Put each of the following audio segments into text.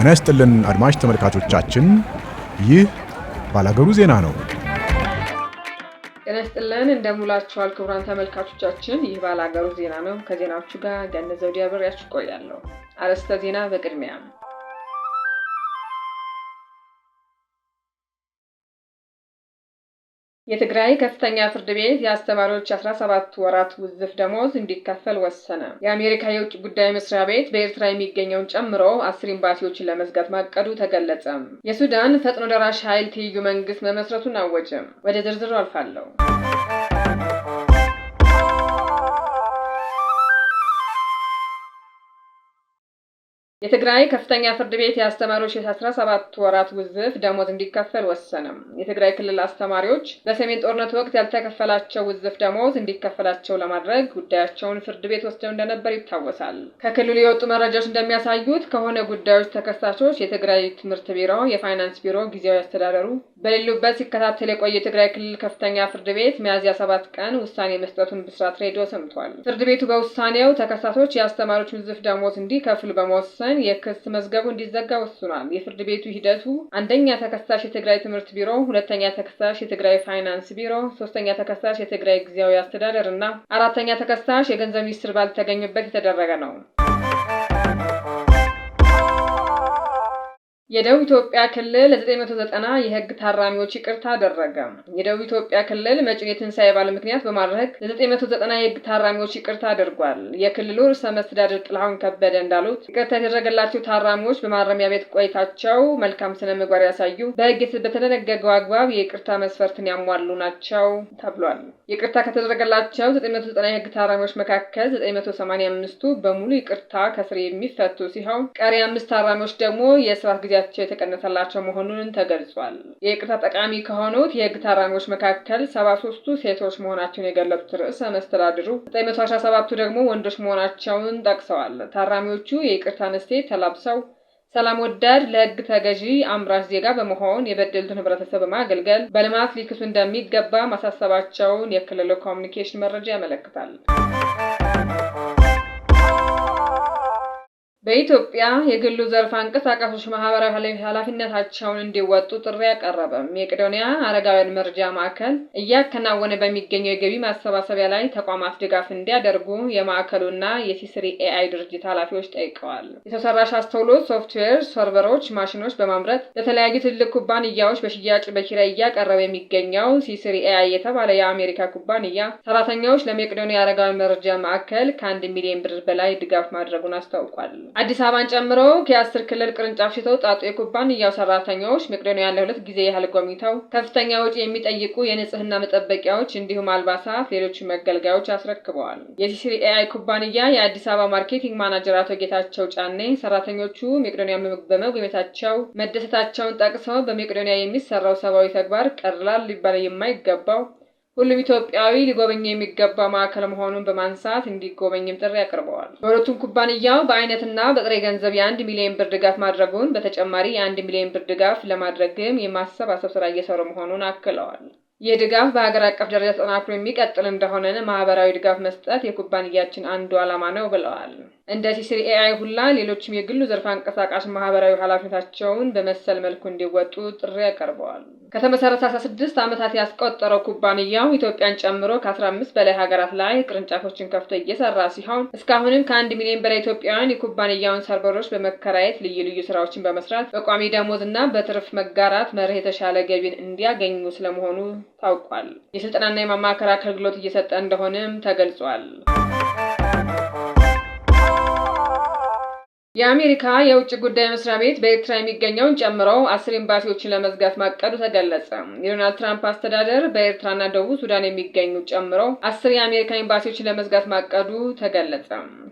ጤና ይስጥልን አድማጭ ተመልካቾቻችን፣ ይህ ባላገሩ ዜና ነው። ጤና ይስጥልን እንደሙላችኋል ክቡራን ተመልካቾቻችን፣ ይህ ባላገሩ ዜና ነው። ከዜናዎቹ ጋር ገነዘው ዲያብር ያችቆያለሁ። አረስተ አርዕስተ ዜና በቅድሚያ ነው። የትግራይ ከፍተኛ ፍርድ ቤት የአስተማሪዎች አስራ ሰባት ወራት ውዝፍ ደሞዝ እንዲከፈል ወሰነ። የአሜሪካ የውጭ ጉዳይ መስሪያ ቤት በኤርትራ የሚገኘውን ጨምሮ አስር ኤምባሲዎችን ለመዝጋት ማቀዱ ተገለጸ። የሱዳን ፈጥኖ ደራሽ ኃይል ትይዩ መንግስት መመስረቱን አወጀ። ወደ ዝርዝሩ አልፋለሁ። የትግራይ ከፍተኛ ፍርድ ቤት የአስተማሪዎች የአስራ ሰባት ወራት ውዝፍ ደሞዝ እንዲከፈል ወሰነም። የትግራይ ክልል አስተማሪዎች በሰሜን ጦርነት ወቅት ያልተከፈላቸው ውዝፍ ደሞዝ እንዲከፈላቸው ለማድረግ ጉዳያቸውን ፍርድ ቤት ወስደው እንደነበር ይታወሳል። ከክልሉ የወጡ መረጃዎች እንደሚያሳዩት ከሆነ ጉዳዮች ተከሳሾች የትግራይ ትምህርት ቢሮ፣ የፋይናንስ ቢሮ፣ ጊዜያዊ አስተዳደሩ በሌሉበት ሲከታተል የቆየ የትግራይ ክልል ከፍተኛ ፍርድ ቤት ሚያዝያ ሰባት ቀን ውሳኔ መስጠቱን ብስራት ሬዲዮ ሰምቷል። ፍርድ ቤቱ በውሳኔው ተከሳሾች የአስተማሪዎች ውዝፍ ደሞዝ እንዲከፍሉ በመወሰን የክስ መዝገቡ እንዲዘጋ ወስኗል። የፍርድ ቤቱ ሂደቱ አንደኛ ተከሳሽ የትግራይ ትምህርት ቢሮ፣ ሁለተኛ ተከሳሽ የትግራይ ፋይናንስ ቢሮ፣ ሶስተኛ ተከሳሽ የትግራይ ጊዜያዊ አስተዳደር እና አራተኛ ተከሳሽ የገንዘብ ሚኒስትር ባልተገኙበት የተደረገ ነው። የደቡብ ኢትዮጵያ ክልል ለ990 የህግ ታራሚዎች ይቅርታ አደረገ። የደቡብ ኢትዮጵያ ክልል መጪውን ሳይባል በዓል ምክንያት በማድረግ ለ990 የህግ ታራሚዎች ይቅርታ አድርጓል። የክልሉ ርዕሰ መስተዳድር ጥላሁን ከበደ እንዳሉት ይቅርታ የተደረገላቸው ታራሚዎች በማረሚያ ቤት ቆይታቸው መልካም ስነ ምግባር ያሳዩ፣ በህግ በተደነገገው አግባብ የይቅርታ መስፈርትን ያሟሉ ናቸው ተብሏል። ይቅርታ ከተደረገላቸው 990 የህግ ታራሚዎች መካከል 985ቱ በሙሉ ይቅርታ ከስር የሚፈቱ ሲሆን ቀሪ አምስት ታራሚዎች ደግሞ የስራት ጊዜ ጊዜያቸው የተቀነሰላቸው መሆኑን ተገልጿል። የይቅርታ ጠቃሚ ከሆኑት የህግ ታራሚዎች መካከል ሰባ ሶስቱ ሴቶች መሆናቸውን የገለጹት ርዕሰ መስተዳድሩ ዘጠኝ መቶ አስራ ሰባቱ ደግሞ ወንዶች መሆናቸውን ጠቅሰዋል። ታራሚዎቹ የይቅርታን እሴት ተላብሰው ሰላም ወዳድ ለህግ ተገዢ አምራች ዜጋ በመሆን የበደሉትን ህብረተሰብ በማገልገል በልማት ሊክሱ እንደሚገባ ማሳሰባቸውን የክልሉ ኮሚኒኬሽን መረጃ ያመለክታል። በኢትዮጵያ የግሉ ዘርፍ አንቀሳቃሾች ማህበራዊ ኃላፊነታቸውን እንዲወጡ ጥሪ አቀረበም። የቄዶንያ አረጋውያን መርጃ ማዕከል እያከናወነ በሚገኘው የገቢ ማሰባሰቢያ ላይ ተቋማት ድጋፍ እንዲያደርጉ የማዕከሉና የሲስሪ ኤአይ ድርጅት ኃላፊዎች ጠይቀዋል። የሰው ሰራሽ አስተውሎት ሶፍትዌር፣ ሰርቨሮች፣ ማሽኖች በማምረት ለተለያዩ ትልቅ ኩባንያዎች በሽያጭ በኪራይ እያቀረበ የሚገኘው ሲስሪ ኤአይ የተባለ የአሜሪካ ኩባንያ ሰራተኛዎች ለመቄዶንያ አረጋውያን መርጃ ማዕከል ከአንድ ሚሊዮን ብር በላይ ድጋፍ ማድረጉን አስታውቋል። አዲስ አበባን ጨምሮ ከአስር ክልል ቅርንጫፍ ሽተው ጣጡ የኩባንያው ሰራተኞች መቄዶንያ ለሁለት ጊዜ ያህል ጎብኝተው ከፍተኛ ወጪ የሚጠይቁ የንጽህና መጠበቂያዎች እንዲሁም አልባሳት፣ ሌሎች መገልገያዎች አስረክበዋል። ኤአይ ኩባንያ የአዲስ አበባ ማርኬቲንግ ማናጀር አቶ ጌታቸው ጫኔ ሰራተኞቹ መቄዶንያ በመጎብኘታቸው መደሰታቸውን ጠቅሰው በመቄዶንያ የሚሰራው ሰብአዊ ተግባር ቀላል ሊባል የማይገባው ሁሉም ኢትዮጵያዊ ሊጎበኝ የሚገባ ማዕከል መሆኑን በማንሳት እንዲጎበኝም ጥሪ አቅርበዋል። በሁለቱም ኩባንያው በአይነትና በጥሬ ገንዘብ የአንድ ሚሊዮን ብር ድጋፍ ማድረጉን በተጨማሪ የአንድ ሚሊዮን ብር ድጋፍ ለማድረግም የማሰባሰብ ስራ እየሰሩ መሆኑን አክለዋል። ይህ ድጋፍ በሀገር አቀፍ ደረጃ ተጠናክሮ የሚቀጥል እንደሆነ ማህበራዊ ድጋፍ መስጠት የኩባንያችን አንዱ ዓላማ ነው ብለዋል። እንደ ሲሲር ኤአይ ሁላ ሌሎችም የግሉ ዘርፍ አንቀሳቃሽ ማህበራዊ ኃላፊነታቸውን በመሰል መልኩ እንዲወጡ ጥሪ ያቀርበዋል። ከተመሰረተ 16 ዓመታት ያስቆጠረው ኩባንያው ኢትዮጵያን ጨምሮ ከ15 በላይ ሀገራት ላይ ቅርንጫፎችን ከፍቶ እየሰራ ሲሆን እስካሁንም ከአንድ ሚሊዮን በላይ ኢትዮጵያውያን የኩባንያውን ሰርቨሮች በመከራየት ልዩ ልዩ ስራዎችን በመስራት በቋሚ ደሞዝ እና በትርፍ መጋራት መርህ የተሻለ ገቢን እንዲያገኙ ስለመሆኑ ታውቋል። የስልጠናና የማማከር አገልግሎት እየሰጠ እንደሆነም ተገልጿል። የአሜሪካ የውጭ ጉዳይ መስሪያ ቤት በኤርትራ የሚገኘውን ጨምሮ አስር ኤምባሲዎችን ለመዝጋት ማቀዱ ተገለጸ። የዶናልድ ትራምፕ አስተዳደር በኤርትራና ደቡብ ሱዳን የሚገኙ ጨምሮ አስር የአሜሪካ ኤምባሲዎችን ለመዝጋት ማቀዱ ተገለጸ።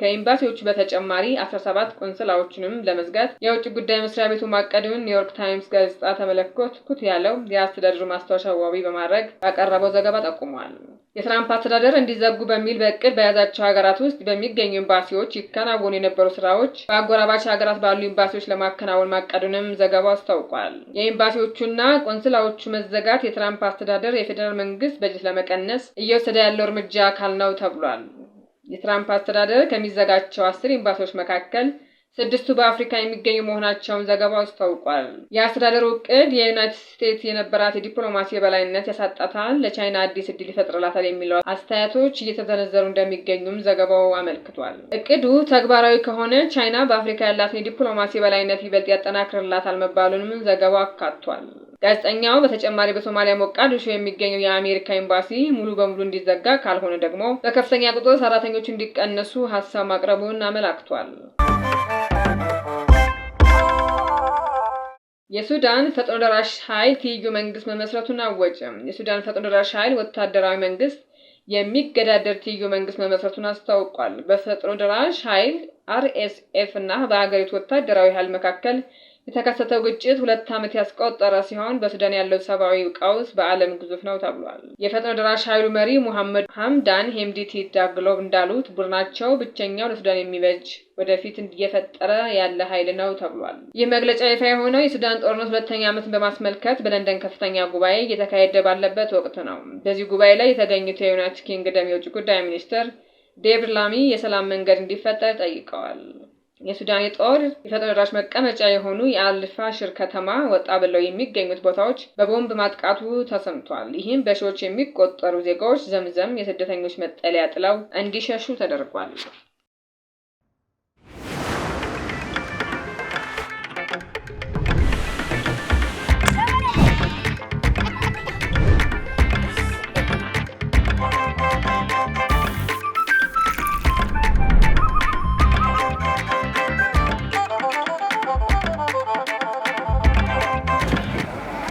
ከኤምባሲዎቹ በተጨማሪ 17 ቆንስላዎችንም ለመዝጋት የውጭ ጉዳይ መስሪያ ቤቱ ማቀዱን ኒውዮርክ ታይምስ ጋዜጣ ተመለከትኩት ያለው የአስተዳደሩ ማስታወሻ ዋቢ በማድረግ ባቀረበው ዘገባ ጠቁሟል። የትራምፕ አስተዳደር እንዲዘጉ በሚል በእቅድ በያዛቸው ሀገራት ውስጥ በሚገኙ ኤምባሲዎች ይከናወኑ የነበሩ ስራዎች በአጎራባች ሀገራት ባሉ ኤምባሲዎች ለማከናወን ማቀዱንም ዘገባው አስታውቋል። የኤምባሲዎቹና ቆንስላዎቹ መዘጋት የትራምፕ አስተዳደር የፌዴራል መንግስት በጀት ለመቀነስ እየወሰደ ያለው እርምጃ አካል ነው ተብሏል። የትራምፕ አስተዳደር ከሚዘጋቸው አስር ኤምባሲዎች መካከል ስድስቱ በአፍሪካ የሚገኙ መሆናቸውን ዘገባው አስታውቋል። የአስተዳደሩ እቅድ የዩናይትድ ስቴትስ የነበራት የዲፕሎማሲ የበላይነት ያሳጣታል፣ ለቻይና አዲስ እድል ይፈጥርላታል የሚለው አስተያየቶች እየተዘነዘሩ እንደሚገኙም ዘገባው አመልክቷል። እቅዱ ተግባራዊ ከሆነ ቻይና በአፍሪካ ያላትን የዲፕሎማሲ የበላይነት ይበልጥ ያጠናክርላታል መባሉንም ዘገባው አካቷል። ጋዜጠኛው በተጨማሪ በሶማሊያ ሞቃዲሾ የሚገኘው የአሜሪካ ኤምባሲ ሙሉ በሙሉ እንዲዘጋ ካልሆነ ደግሞ በከፍተኛ ቁጥር ሰራተኞች እንዲቀነሱ ሀሳብ ማቅረቡን አመላክቷል። የሱዳን ፈጥኖ ደራሽ ኃይል ትይዩ መንግስት መመስረቱን አወጀ። የሱዳን ፈጥኖ ደራሽ ኃይል ወታደራዊ መንግስት የሚገዳደር ትይዩ መንግስት መመስረቱን አስታውቋል። በፈጥኖ ደራሽ ኃይል አርኤስኤፍ እና በሀገሪቱ ወታደራዊ ኃይል መካከል የተከሰተው ግጭት ሁለት ዓመት ያስቆጠረ ሲሆን በሱዳን ያለው ሰብአዊ ቀውስ በዓለም ግዙፍ ነው ተብሏል። የፈጥኖ ደራሽ ኃይሉ መሪ ሙሐመድ ሀምዳን ሄምዲቲ ዳግሎብ እንዳሉት ቡድናቸው ብቸኛው ለሱዳን የሚበጅ ወደፊት እየፈጠረ ያለ ኃይል ነው ተብሏል። ይህ መግለጫ ይፋ የሆነው የሱዳን ጦርነት ሁለተኛ ዓመትን በማስመልከት በለንደን ከፍተኛ ጉባኤ እየተካሄደ ባለበት ወቅት ነው። በዚህ ጉባኤ ላይ የተገኙት የዩናይትድ ኪንግደም የውጭ ጉዳይ ሚኒስትር ዴቪድ ላሚ የሰላም መንገድ እንዲፈጠር ጠይቀዋል። የሱዳን የጦር የፈጥኖ መቀመጫ የሆኑ የአልፋሽር ከተማ ወጣ ብለው የሚገኙት ቦታዎች በቦምብ ማጥቃቱ ተሰምቷል። ይህም በሺዎች የሚቆጠሩ ዜጋዎች ዘምዘም የስደተኞች መጠለያ ጥለው እንዲሸሹ ተደርጓል።